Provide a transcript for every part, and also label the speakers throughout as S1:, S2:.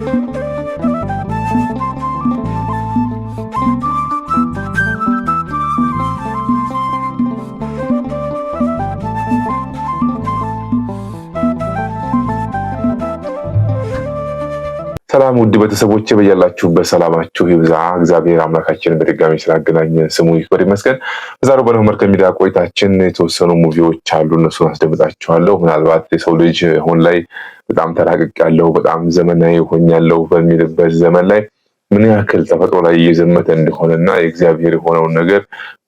S1: Thank you ውድ ቤተሰቦች በያላችሁበት ሰላማችሁ ይብዛ። እግዚአብሔር አምላካችን በድጋሚ ስላገናኘ ስሙ ይክበር ይመስገን። በዛሬው በነው መርከብ ሚዲያ ቆይታችን የተወሰኑ ሙቪዎች አሉ፣ እነሱን አስደምጣችኋለሁ። ምናልባት የሰው ልጅ አሁን ላይ በጣም ተራቅቅ ያለው በጣም ዘመናዊ ሆኛለሁ በሚልበት ዘመን ላይ ምን ያክል ተፈጥሮ ላይ እየዘመተ እንደሆነ እና የእግዚአብሔር የሆነውን ነገር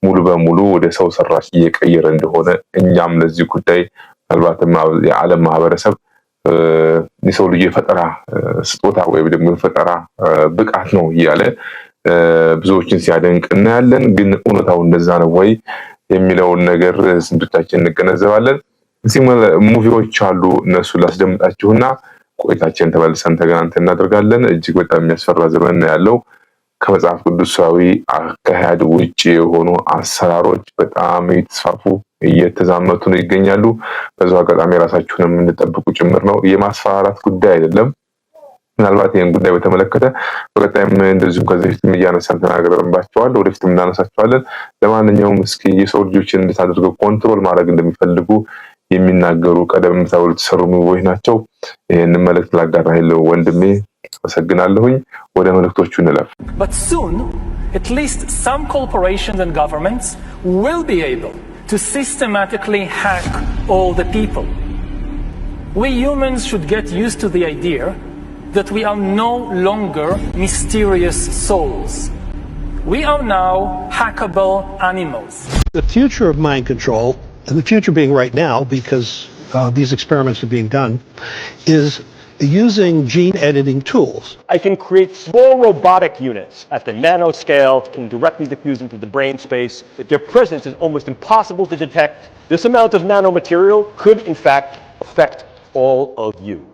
S1: ሙሉ በሙሉ ወደ ሰው ሰራሽ እየቀየረ እንደሆነ እኛም ለዚህ ጉዳይ ምናልባትም የዓለም ማህበረሰብ የሰው ልጅ የፈጠራ ስጦታ ወይም ደግሞ የፈጠራ ብቃት ነው እያለ ብዙዎችን ሲያደንቅ እናያለን። ግን እውነታው እንደዛ ነው ወይ የሚለውን ነገር ስንቶቻችን እንገነዘባለን? እዚህ ሙቪዎች አሉ እነሱ ላስደምጣችሁና ቆይታችን ተመልሰን ተገናኝተን እናደርጋለን። እጅግ በጣም የሚያስፈራ ዘመን ነው ያለው። ከመጽሐፍ ቅዱሳዊ አካሄድ ውጭ የሆኑ አሰራሮች በጣም የተስፋፉ እየተዛመቱ ነው ይገኛሉ። በዚሁ አጋጣሚ ራሳችሁን የምንጠብቁ ጭምር ነው። የማስፈራራት ጉዳይ አይደለም። ምናልባት ይህን ጉዳይ በተመለከተ በቀጣይም እንደዚሁም ከዚህ በፊት እያነሳን ተናግረንባቸዋል፣ ወደፊት እናነሳቸዋለን። ለማንኛውም እስኪ የሰው ልጆችን እንዴት አድርገው ኮንትሮል ማድረግ እንደሚፈልጉ የሚናገሩ ቀደም ተብሎ የተሰሩ ምግቦች ናቸው። ይህን መልእክት ላጋራ የለው ወንድሜ አመሰግናለሁኝ። ወደ መልእክቶቹ እንለፍ።
S2: But soon, at least some corporations and governments will be able to systematically hack all the people. We humans should get used to the idea that we are no longer mysterious souls. We are now hackable animals.
S3: The future of mind control, and the future being right now because uh, these experiments are being done, is using gene editing tools.
S4: I can create small robotic units at the nanoscale, can directly diffuse into the brain space. Their presence is almost impossible to detect. This amount of nanomaterial could, in fact, affect all of you.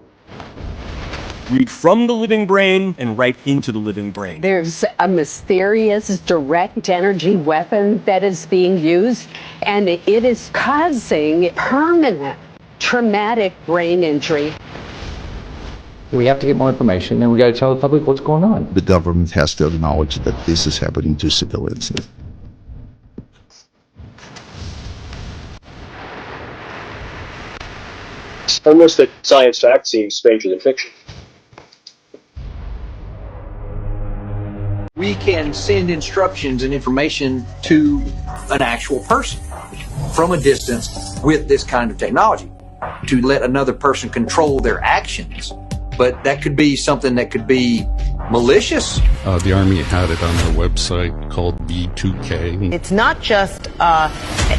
S5: Read from the living brain and right into the living brain.
S6: There's a mysterious direct energy weapon that is being used, and it is causing permanent traumatic brain injury.
S7: We have to get more information and we got to tell the public what's going on.
S8: The government has to acknowledge that this is happening to civilians.
S9: Almost that science fact seems stranger than fiction.
S10: We can send instructions and information to an actual person from a distance with this kind of technology to let another person control their actions but that could be something that could be malicious.
S11: Uh, the Army had it on their website called B2K.
S12: It's not just uh,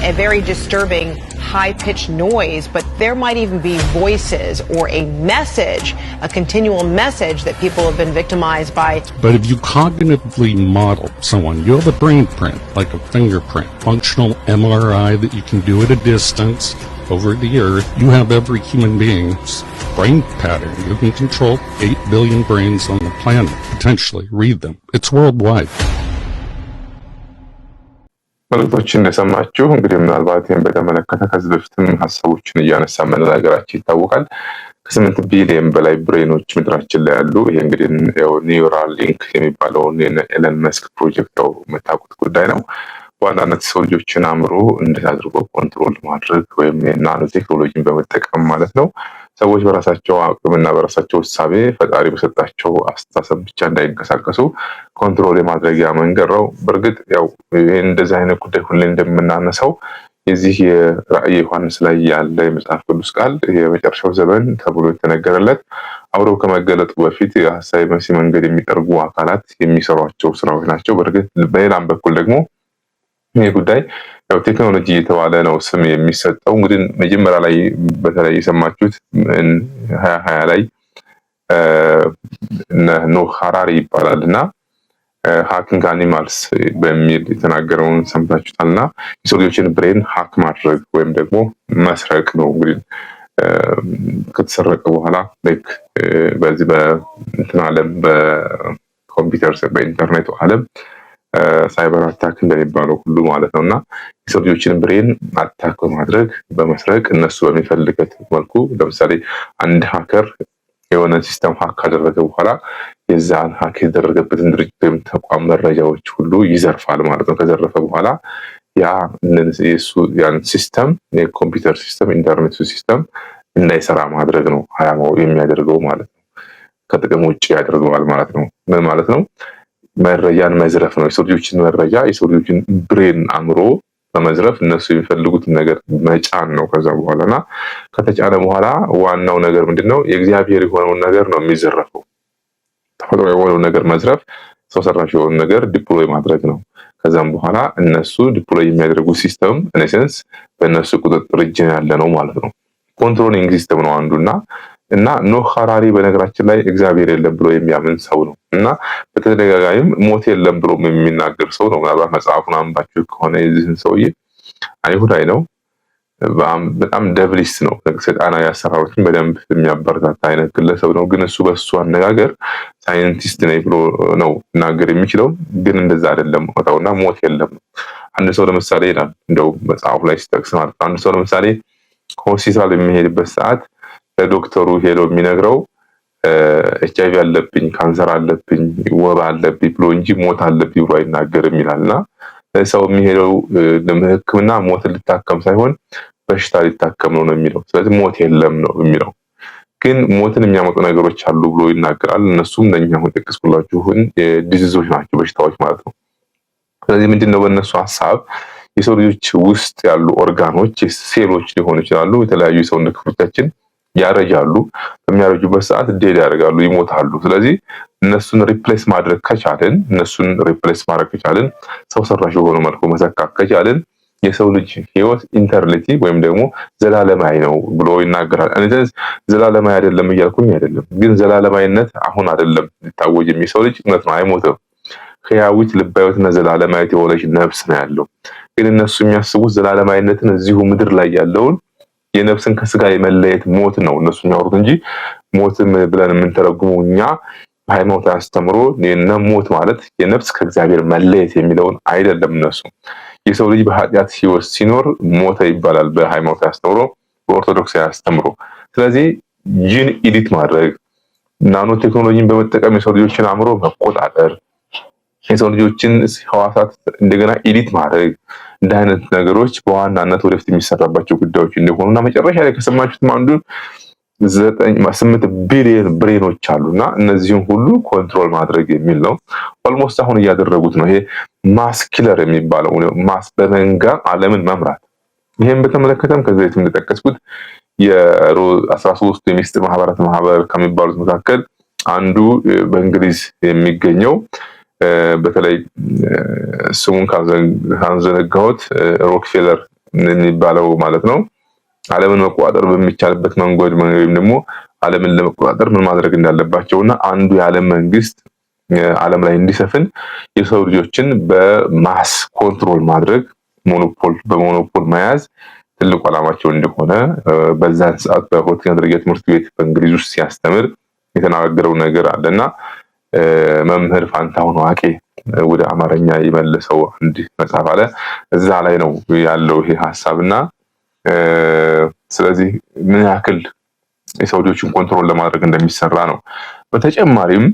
S12: a very disturbing high pitched noise, but there might even be voices or a message, a continual message that people have been victimized by.
S11: But if you cognitively model someone, you have a brain print, like a fingerprint, functional MRI that you can do at a distance over the earth, you have every human being's brain pattern. You can control 8 billion brains on the planet, potentially read them. It's worldwide.
S1: መልእክቶች እንደሰማችሁ እንግዲህ ምናልባት ይህን በተመለከተ ከዚህ በፊትም ሀሳቦችን እያነሳ መነጋገራችን ይታወቃል። ከስምንት ቢሊየን በላይ ብሬኖች ምድራችን ላይ ያሉ ይሄ እንግዲህ ኒውራል ሊንክ የሚባለውን ኤለን መስክ ፕሮጀክት ያው የምታውቁት ጉዳይ ነው። በዋናነት ሰው ልጆችን አእምሮ እንዴት አድርጎ ኮንትሮል ማድረግ ወይም ናኖ ቴክኖሎጂን በመጠቀም ማለት ነው ሰዎች በራሳቸው አቅምና በራሳቸው እሳቤ ፈጣሪ በሰጣቸው አስተሳሰብ ብቻ እንዳይንቀሳቀሱ ኮንትሮል የማድረጊያ መንገድ ነው። በእርግጥ ያው እንደዚህ አይነት ጉዳይ ሁሌ እንደምናነሳው የዚህ የራእይ ዮሐንስ ላይ ያለ የመጽሐፍ ቅዱስ ቃል የመጨረሻው ዘመን ተብሎ የተነገረለት አውሮ ከመገለጡ በፊት የሀሳዊ መሲ መንገድ የሚጠርጉ አካላት የሚሰሯቸው ስራዎች ናቸው። በእርግጥ በሌላም በኩል ደግሞ ይህ ጉዳይ ያው ቴክኖሎጂ የተባለ ነው ስም የሚሰጠው። እንግዲህ መጀመሪያ ላይ በተለይ የሰማችሁት ሀያ ሀያ ላይ ኖህ ሀራሪ ይባላል እና ሀኪንግ አኒማልስ በሚል የተናገረውን ሰምታችሁታል። እና የሰው ልጆችን ብሬን ሀክ ማድረግ ወይም ደግሞ መስረቅ ነው እንግዲህ ከተሰረቀ በኋላ ልክ በዚህ በእንትን ዓለም በኮምፒውተር በኢንተርኔቱ አለም ሳይበር አታክ እንደሚባለው ሁሉ ማለት ነው እና የሰው ልጆችን ብሬን አታክ በማድረግ በመስረቅ እነሱ በሚፈልገት መልኩ ለምሳሌ አንድ ሀከር የሆነ ሲስተም ሀክ ካደረገ በኋላ የዛን ሀክ የተደረገበትን ድርጅት ወይም ተቋም መረጃዎች ሁሉ ይዘርፋል ማለት ነው። ከዘረፈ በኋላ ያ ያን ሲስተም የኮምፒውተር ሲስተም ኢንተርኔቱ ሲስተም እንዳይሰራ ማድረግ ነው አላማው የሚያደርገው ማለት ነው። ከጥቅም ውጭ ያደርገዋል ማለት ነው። ምን ማለት ነው? መረጃን መዝረፍ ነው። የሰው ልጆችን መረጃ የሰው ልጆችን ብሬን አእምሮ በመዝረፍ እነሱ የሚፈልጉትን ነገር መጫን ነው። ከዛ በኋላ እና ከተጫነ በኋላ ዋናው ነገር ምንድን ነው? የእግዚአብሔር የሆነውን ነገር ነው የሚዘረፈው። ተፈጥሮ የሆነውን ነገር መዝረፍ፣ ሰው ሰራሽ የሆኑ ነገር ዲፕሎይ ማድረግ ነው። ከዛም በኋላ እነሱ ዲፕሎይ የሚያደርጉ ሲስተም ኢነሴንስ በእነሱ ቁጥጥር እጅን ያለ ነው ማለት ነው። ኮንትሮሊንግ ሲስተም ነው አንዱና እና ኖህ ሀራሪ በነገራችን ላይ እግዚአብሔር የለም ብሎ የሚያምን ሰው ነው እና በተደጋጋሚም ሞት የለም ብሎ የሚናገር ሰው ነው። ምናልባት መጽሐፉን አንባችሁ ከሆነ የዚህን ሰውዬ አይሁዳይ ነው። በጣም ደብሊስ ነው። ሰይጣናዊ አሰራሮችን በደንብ የሚያበረታታ አይነት ግለሰብ ነው። ግን እሱ በሱ አነጋገር ሳይንቲስት ነኝ ብሎ ነው ናገር የሚችለው። ግን እንደዛ አይደለም እውነታውና ሞት የለም ነው። አንድ ሰው ለምሳሌ ይላል እንደው መጽሐፉ ላይ ሲጠቅስ ማለት ነው። አንድ ሰው ለምሳሌ ሆስፒታል የሚሄድበት ሰዓት ለዶክተሩ ሄዶ የሚነግረው ኤች አይቪ አለብኝ፣ ካንሰር አለብኝ፣ ወባ አለብኝ ብሎ እንጂ ሞት አለብኝ ብሎ አይናገርም ይላል እና ሰው የሚሄደው ሕክምና ሞትን ሊታከም ሳይሆን በሽታ ሊታከም ነው ነው የሚለው። ስለዚህ ሞት የለም ነው የሚለው። ግን ሞትን የሚያመጡ ነገሮች አሉ ብሎ ይናገራል። እነሱም ለእኛ አሁን ጠቀስኩላችሁን ዲዚዞች ናቸው በሽታዎች ማለት ነው። ስለዚህ ምንድን ነው በእነሱ ሀሳብ የሰው ልጆች ውስጥ ያሉ ኦርጋኖች ሴሎች ሊሆኑ ይችላሉ የተለያዩ የሰውነት ክፍሎቻችን ያረጃሉ። በሚያረጁበት ሰዓት ዴድ ያደርጋሉ፣ ይሞታሉ። ስለዚህ እነሱን ሪፕሌስ ማድረግ ከቻልን እነሱን ሪፕሌስ ማድረግ ከቻልን ሰው ሰራሽ በሆነ መልኩ መሰካት ከቻልን የሰው ልጅ ህይወት ኢንተርኔቲ ወይም ደግሞ ዘላለማዊ ነው ብሎ ይናገራል። እንትን ዘላለማዊ አይደለም እያልኩኝ አይደለም፣ ግን ዘላለማዊነት አሁን አይደለም ሊታወጅ የሚሰው ልጅ እውነት ነው፣ አይሞትም። ህያዊት ልባዊትና ዘላለማዊት የሆነች ነፍስ ነው ያለው። ግን እነሱ የሚያስቡት ዘላለማዊነትን እዚሁ ምድር ላይ ያለውን የነፍስን ከስጋ የመለየት ሞት ነው እነሱ የሚያወሩት እንጂ ሞትም ብለን የምንተረጉመው እኛ ሃይማኖት አስተምሮ ሞት ማለት የነፍስ ከእግዚአብሔር መለየት የሚለውን አይደለም። እነሱ የሰው ልጅ በኃጢአት ህይወት ሲኖር ሞተ ይባላል በሃይማኖት አስተምሮ፣ በኦርቶዶክስ አስተምሮ። ስለዚህ ጂን ኢዲት ማድረግ ናኖ ቴክኖሎጂን በመጠቀም የሰው ልጆችን አእምሮ መቆጣጠር የሰው ልጆችን ህዋሳት እንደገና ኤዲት ማድረግ እንደ አይነት ነገሮች በዋናነት ወደፊት የሚሰራባቸው ጉዳዮች እንደሆኑ እና መጨረሻ ላይ ከሰማችሁትም አንዱ ስምንት ቢሊዮን ብሬኖች አሉ እና እነዚህም ሁሉ ኮንትሮል ማድረግ የሚል ነው። ኦልሞስት አሁን እያደረጉት ነው። ይሄ ማስኪለር የሚባለው ማስ በመንጋ አለምን መምራት ይህም በተመለከተም ከዚህ በፊት እንደጠቀስኩት የአስራ ሶስቱ የሚስጥር ማህበራት ማህበር ከሚባሉት መካከል አንዱ በእንግሊዝ የሚገኘው በተለይ ስሙን ካንዘነጋሁት ሮክፌለር የሚባለው ማለት ነው ዓለምን መቆጣጠር በሚቻልበት መንገድ ወይም ደግሞ ዓለምን ለመቆጣጠር ምን ማድረግ እንዳለባቸው እና አንዱ የዓለም መንግስት ዓለም ላይ እንዲሰፍን የሰው ልጆችን በማስ ኮንትሮል ማድረግ ሞኖፖል በሞኖፖል መያዝ ትልቁ ዓላማቸው እንደሆነ በዛን ሰዓት በሁለተኛ ደረጃ ትምህርት ቤት በእንግሊዝ ውስጥ ሲያስተምር የተናገረው ነገር አለና መምህር ፋንታሁን ዋቄ ወደ አማርኛ የመለሰው አንድ መጽሐፍ አለ። እዛ ላይ ነው ያለው ይሄ ሀሳብና ስለዚህ ምን ያክል የሰው ልጆችን ኮንትሮል ለማድረግ እንደሚሰራ ነው። በተጨማሪም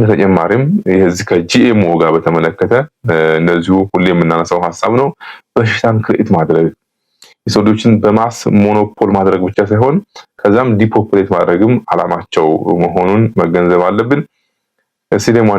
S1: በተጨማሪም የዚህ ከጂኤምኦ ጋር በተመለከተ እነዚሁ ሁሌ የምናነሳው ሀሳብ ነው። በሽታን ክርኢት ማድረግ የሰው ልጆችን በማስ ሞኖፖል ማድረግ ብቻ ሳይሆን ከዛም ዲፖፕሌት ማድረግም አላማቸው መሆኑን መገንዘብ አለብን። Modern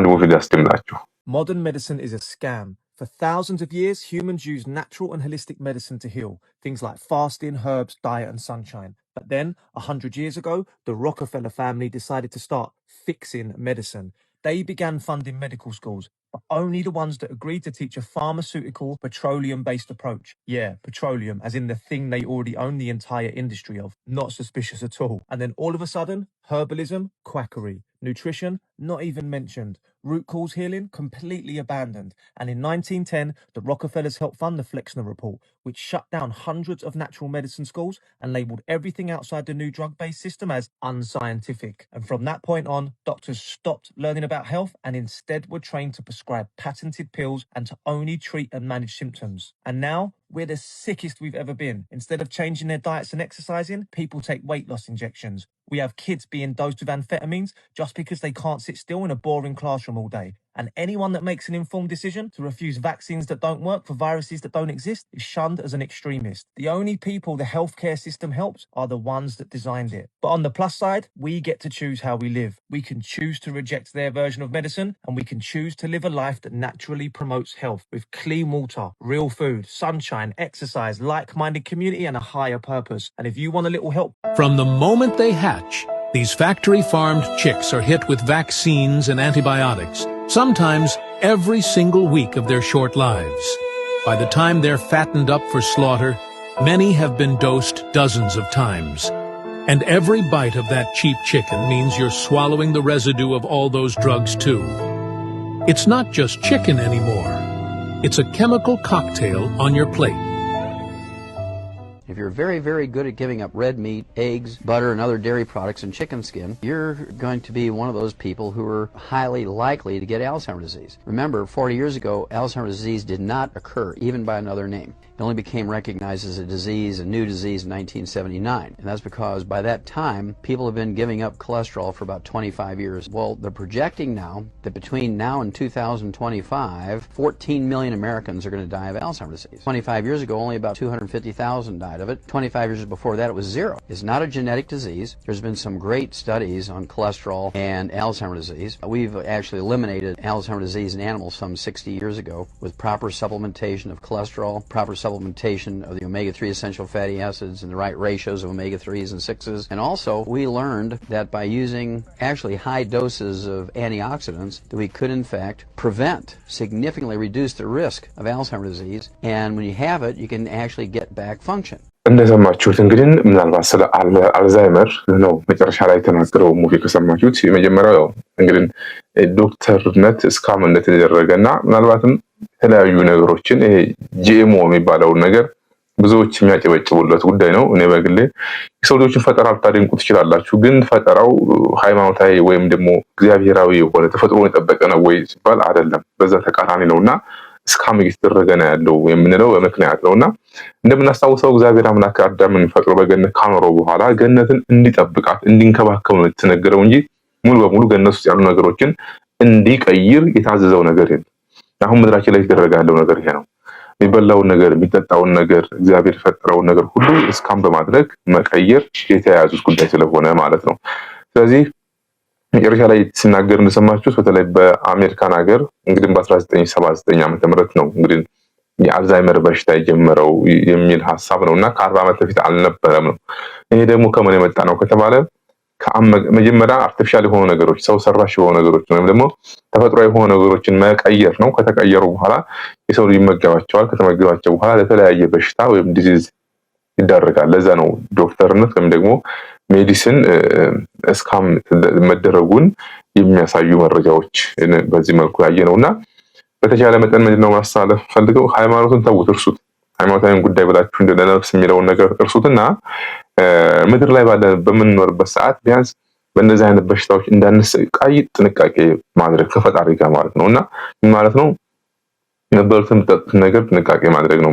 S13: medicine is a scam. For thousands of years, humans used natural and holistic medicine to heal, things like fasting, herbs, diet, and sunshine. But then, a hundred years ago, the Rockefeller family decided to start fixing medicine. They began funding medical schools, but only the ones that agreed to teach a pharmaceutical, petroleum based approach. Yeah, petroleum, as in the thing they already own the entire industry of. Not suspicious at all. And then all of a sudden, herbalism, quackery. Nutrition, not even mentioned. Root cause healing, completely abandoned. And in 1910, the Rockefellers helped fund the Flexner Report, which shut down hundreds of natural medicine schools and labeled everything outside the new drug based system as unscientific. And from that point on, doctors stopped learning about health and instead were trained to prescribe patented pills and to only treat and manage symptoms. And now, we're the sickest we've ever been. Instead of changing their diets and exercising, people take weight loss injections. We have kids being dosed with amphetamines just because they can't sit still in a boring classroom all day and anyone that makes an informed decision to refuse vaccines that don't work for viruses that don't exist is shunned as an extremist. The only people the healthcare system helps are the ones that designed it. But on the plus side, we get to choose how we live. We can choose to reject their version of medicine and we can choose to live a life that naturally promotes health with clean water, real food, sunshine, exercise, like-minded community and a higher purpose. And if you want a little help...
S14: From the moment they hatch, these factory-farmed chicks are hit with vaccines and antibiotics sometimes every single week of their short lives. By the time they're fattened up for slaughter, many have been dosed dozens of times. And every bite of that cheap chicken means you're swallowing the residue of all those drugs too. It's not just chicken anymore. It's a chemical cocktail on your plate.
S15: If you're very, very good at giving up red meat, eggs, butter, and other dairy products and chicken skin, you're going to be one of those people who are highly likely to get Alzheimer's disease. Remember, 40 years ago, Alzheimer's disease did not occur, even by another name. It only became recognized as a disease, a new disease, in 1979. And that's because by that time, people have been giving up cholesterol for about 25 years. Well, they're projecting now that between now and 2025, 14 million Americans are going to die of Alzheimer's disease. 25 years ago, only about 250,000 died of it. 25 years before that, it was zero. It's not a genetic disease. There's been some great studies on cholesterol and Alzheimer's disease. We've actually eliminated Alzheimer's disease in animals some 60 years ago with proper supplementation of cholesterol, proper supplementation supplementation of the omega-3 essential fatty acids in the right ratios of omega-3s and 6s. And also, we learned that by using actually high doses of antioxidants, that we could, in fact, prevent, significantly reduce the risk of Alzheimer's disease. And when you have it, you can actually get back function።
S1: እንደሰማችሁት እንግዲህ ምናልባት ስለ አልዛይመር ነው መጨረሻ ላይ የተናገረው ሙቪ ከሰማችሁት የመጀመሪያው እንግዲህ ዶክተርነት እስካሁን እንደተደረገ እና ምናልባትም የተለያዩ ነገሮችን ይሄ ጂኤሞ የሚባለውን ነገር ብዙዎች የሚያጨበጭቡለት ጉዳይ ነው። እኔ በግሌ የሰው ልጆችን ፈጠራ ልታደንቁ ትችላላችሁ፣ ግን ፈጠራው ሃይማኖታዊ ወይም ደግሞ እግዚአብሔራዊ የሆነ ተፈጥሮን የጠበቀ ነው ወይ ሲባል አይደለም፣ በዛ ተቃራኒ ነው እና እስካም እየተደረገ ነው ያለው የምንለው በምክንያት ነው እና እንደምናስታውሰው እግዚአብሔር አምላክ አዳምን ፈጥሮ በገነት ካኖረው በኋላ ገነትን እንዲጠብቃት እንዲንከባከብ ነው የተነገረው እንጂ ሙሉ በሙሉ ገነት ውስጥ ያሉ ነገሮችን እንዲቀይር የታዘዘው ነገር የለም። አሁን ምድራችን ላይ የተደረገ ያለው ነገር ይሄ ነው። የሚበላውን ነገር የሚጠጣውን ነገር እግዚአብሔር የፈጠረውን ነገር ሁሉ እስካም በማድረግ መቀየር የተያያዙት ጉዳይ ስለሆነ ማለት ነው። ስለዚህ መጨረሻ ላይ ሲናገር እንደሰማችሁት በተለይ በአሜሪካን ሀገር እንግዲህ በ1979 ዓ ም ነው እንግዲህ የአልዛይመር በሽታ የጀመረው የሚል ሀሳብ ነው እና ከአርባ ዓመት በፊት አልነበረም ነው። ይሄ ደግሞ ከምን የመጣ ነው ከተባለ መጀመሪያ አርቲፊሻል የሆኑ ነገሮች ሰው ሰራሽ የሆኑ ነገሮች ወይም ደግሞ ተፈጥሮ የሆኑ ነገሮችን መቀየር ነው። ከተቀየሩ በኋላ የሰው ልጅ ይመገባቸዋል። ከተመገባቸው በኋላ ለተለያየ በሽታ ወይም ዲዚዝ ይዳረጋል። ለዛ ነው ዶክተርነት ወይም ደግሞ ሜዲሲን እስካም መደረጉን የሚያሳዩ መረጃዎች በዚህ መልኩ ያየ ነው እና በተቻለ መጠን ምንድነው ማስተላለፍ ፈልገው ሃይማኖትን ተውት እርሱት። ሃይማኖታዊን ጉዳይ ብላችሁ እንደ ለነፍስ የሚለውን ነገር እርሱትና ምድር ላይ በምንኖርበት ሰዓት ቢያንስ በእነዚህ አይነት በሽታዎች እንዳንሰቃይ ጥንቃቄ ማድረግ ከፈጣሪ ጋር ማለት ነው። እና ምን ማለት ነው? የምትበሉትን የምትጠጡትን ነገር ጥንቃቄ ማድረግ ነው።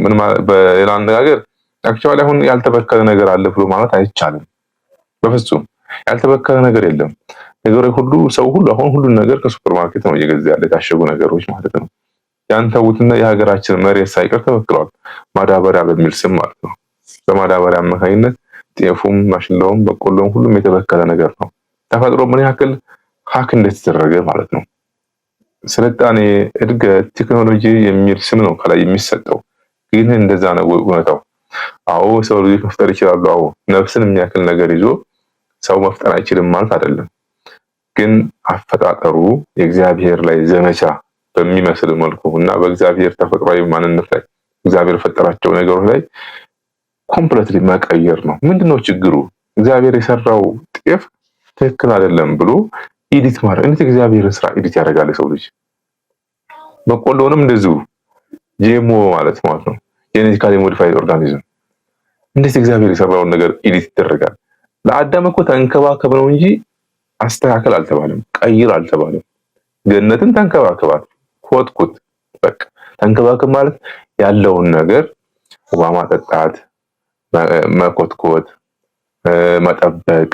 S1: በሌላ አነጋገር አክቸዋል አሁን ያልተበከለ ነገር አለ ብሎ ማለት አይቻልም። በፍጹም ያልተበከለ ነገር የለም። ነገር ሁሉ ሰው ሁሉ አሁን ሁሉን ነገር ከሱፐር ማርኬት ነው እየገዛ ያለ የታሸጉ ነገሮች ማለት ነው። ያንተውትና የሀገራችን መሬት ሳይቀር ተበክለዋል። ማዳበሪያ በሚል ስም ማለት ነው። በማዳበሪያ አማካኝነት ጤፉም፣ ማሽላውም፣ በቆሎም ሁሉም የተበከለ ነገር ነው። ተፈጥሮ ምን ያክል ሀክ እንደተደረገ ማለት ነው። ስልጣኔ፣ እድገት፣ ቴክኖሎጂ የሚል ስም ነው ከላይ የሚሰጠው። ግን እንደዛ ነው እውነታው? አዎ ሰው ልጅ መፍጠር ይችላሉ። አዎ ነፍስን የሚያክል ነገር ይዞ ሰው መፍጠር አይችልም ማለት አይደለም። ግን አፈጣጠሩ የእግዚአብሔር ላይ ዘመቻ በሚመስል መልኩ እና በእግዚአብሔር ተፈጥሯዊ ማንነት ላይ እግዚአብሔር ፈጠራቸው ነገሮች ላይ ኮምፕለትሊ መቀየር ነው። ምንድነው ችግሩ? እግዚአብሔር የሰራው ጤፍ ትክክል አይደለም ብሎ ኢዲት ማድረግ። እንዴት እግዚአብሔርን ስራ ኢዲት ያደርጋል ሰው ልጅ? በቆሎንም እንደዚሁ ጄሞ ማለት ማለት ነው ጄኔቲካሊ ሞዲፋይድ ኦርጋኒዝም። እንዴት እግዚአብሔር የሰራውን ነገር ኢዲት ይደረጋል? ለአዳም እኮ ተንከባከብ ነው እንጂ አስተካከል አልተባለም፣ ቀይር አልተባለም። ገነትን ተንከባከባት፣ ኮትኩት። በቃ ተንከባከብ ማለት ያለውን ነገር ውሃ ማጠጣት መኮትኮት፣ መጠበቅ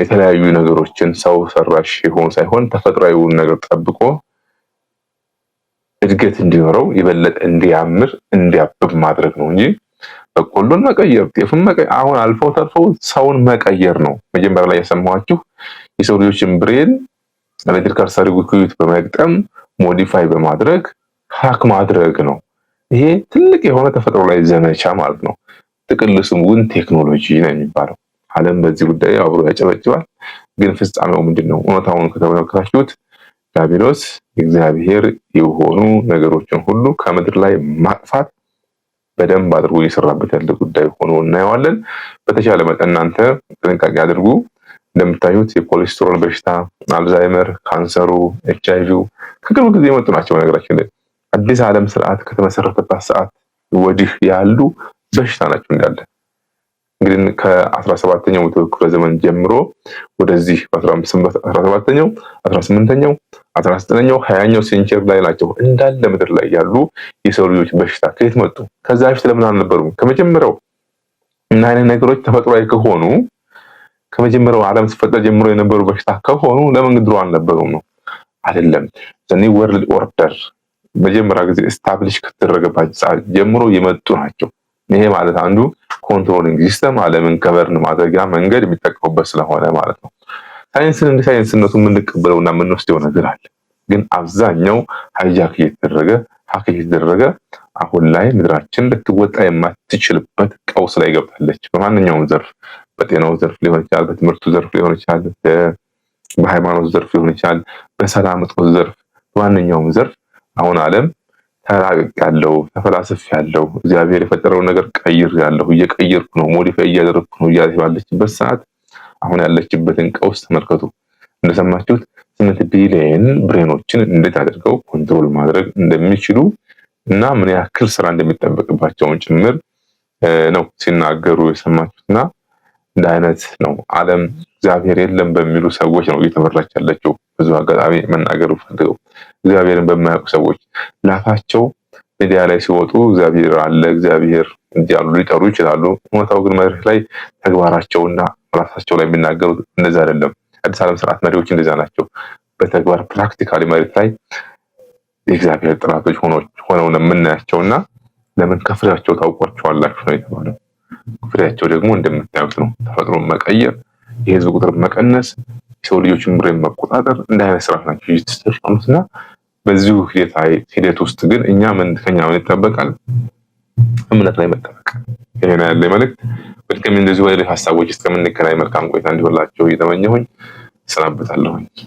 S1: የተለያዩ ነገሮችን ሰው ሰራሽ ሆን ሳይሆን ተፈጥሯዊውን ነገር ጠብቆ እድገት እንዲኖረው የበለጠ እንዲያምር እንዲያብብ ማድረግ ነው እንጂ በቆሎን መቀየር ጤፍን መቀየር አሁን አልፎ ተርፎ ሰውን መቀየር ነው። መጀመሪያ ላይ ያሰማኋችሁ የሰው ልጆችን ብሬን ኤሌክትሪካል ሰርኪዩት በመግጠም ሞዲፋይ በማድረግ ሀክ ማድረግ ነው። ይሄ ትልቅ የሆነ ተፈጥሮ ላይ ዘመቻ ማለት ነው። ጥቅል ውን ቴክኖሎጂ ነው የሚባለው። ዓለም በዚህ ጉዳይ አብሮ ያጨበጭባል። ግን ፍጻሜው ምንድን ነው? እውነታውን ከተመለከታችሁት ዲያብሎስ እግዚአብሔር የሆኑ ነገሮችን ሁሉ ከምድር ላይ ማጥፋት በደንብ አድርጎ እየሰራበት ያለ ጉዳይ ሆኖ እናየዋለን። በተቻለ መጠን እናንተ ጥንቃቄ አድርጉ። እንደምታዩት የኮሌስትሮል በሽታ፣ አልዛይመር፣ ካንሰሩ፣ ኤች አይቪው ከቅርብ ጊዜ የመጡ ናቸው። ነገራችን ላይ አዲስ ዓለም ስርዓት ከተመሰረተባት ሰዓት ወዲህ ያሉ በሽታ ናቸው እንዳለ እንግዲህ ከአስራ ሰባተኛው መቶ ክፍለ ዘመን ጀምሮ ወደዚህ አስራ ሰባተኛው አስራ ስምንተኛው አስራ ዘጠነኛው ሀያኛው ሴንቸር ላይ ናቸው እንዳለ ምድር ላይ ያሉ የሰው ልጆች በሽታ ከየት መጡ? ከዛ በፊት ለምን አልነበሩም? ከመጀመሪያው እና አይነት ነገሮች ተፈጥሯዊ ከሆኑ ከመጀመሪያው ዓለም ሲፈጠር ጀምሮ የነበሩ በሽታ ከሆኑ ለምን ድሮ አልነበሩም? ነው አይደለም። ዘኒ ወርልድ ኦርደር መጀመሪያ ጊዜ ስታብሊሽ ከተደረገባቸው ጀምሮ የመጡ ናቸው። ይሄ ማለት አንዱ ኮንትሮሊንግ ሲስተም ዓለምን ከቨርን ማድረጊያ መንገድ የሚጠቀሙበት ስለሆነ ማለት ነው። ሳይንስን እንደ ሳይንስነቱ የምንቀበለውና የምንወስደው ነገር አለ። ግን አብዛኛው ሀይጃክ እየተደረገ ሀክ እየተደረገ አሁን ላይ ምድራችን ልትወጣ የማትችልበት ቀውስ ላይ ገብታለች። በማንኛውም ዘርፍ በጤናው ዘርፍ ሊሆን ይችላል፣ በትምህርቱ ዘርፍ ሊሆን ይችላል፣ በሃይማኖት ዘርፍ ሊሆን ይችላል፣ በሰላም እጦት ዘርፍ፣ በማንኛውም ዘርፍ አሁን ዓለም ተላቅቅ ያለው ተፈላስፍ ያለው እግዚአብሔር የፈጠረው ነገር ቀይር ያለሁ እየቀየርኩ ነው፣ ሞዲፋይ እያደረግኩ ነው እያለች ባለችበት ሰዓት አሁን ያለችበትን ቀውስ ተመልከቱ። እንደሰማችሁት ስምንት ቢሊየን ብሬኖችን እንዴት አድርገው ኮንትሮል ማድረግ እንደሚችሉ እና ምን ያክል ስራ እንደሚጠበቅባቸውን ጭምር ነው ሲናገሩ የሰማችሁትና እንደ አይነት ነው ዓለም እግዚአብሔር የለም በሚሉ ሰዎች ነው እየተመራች ያለችው። ብዙ አጋጣሚ መናገሩ ፈልገው እግዚአብሔርን በማያውቁ ሰዎች ላፋቸው ሚዲያ ላይ ሲወጡ እግዚአብሔር አለ እግዚአብሔር እንዲያሉ ሊጠሩ ይችላሉ። እውነታው ግን መድረክ ላይ ተግባራቸውና ራሳቸው ላይ የሚናገሩት እንደዛ አይደለም። አዲስ ዓለም ስርዓት መሪዎች እንደዛ ናቸው። በተግባር ፕራክቲካሊ መሬት ላይ የእግዚአብሔር ጥላቶች ሆነው ነው እና ለምን ከፍሬያቸው ታውቋቸዋላችሁ ነው የተባለው። ፍሬያቸው ደግሞ እንደምታዩት ነው። ተፈጥሮን መቀየር፣ የህዝብ ቁጥር መቀነስ፣ ሰው ልጆችን ብሬን መቆጣጠር እንደ አይነት ስራት ናቸው የተሰሩት እና በዚሁ ሂደት ውስጥ ግን እኛ ምን ከኛ ምን ይጠበቃል? እምነት ላይ መጠበቅ። ይሄን ያለ መልእክት ወድከም እንደዚሁ በሌሎች ሀሳቦች እስከምንገናኝ መልካም ቆይታ እንዲሆንላቸው እየተመኘሁኝ እሰናበታለሁኝ።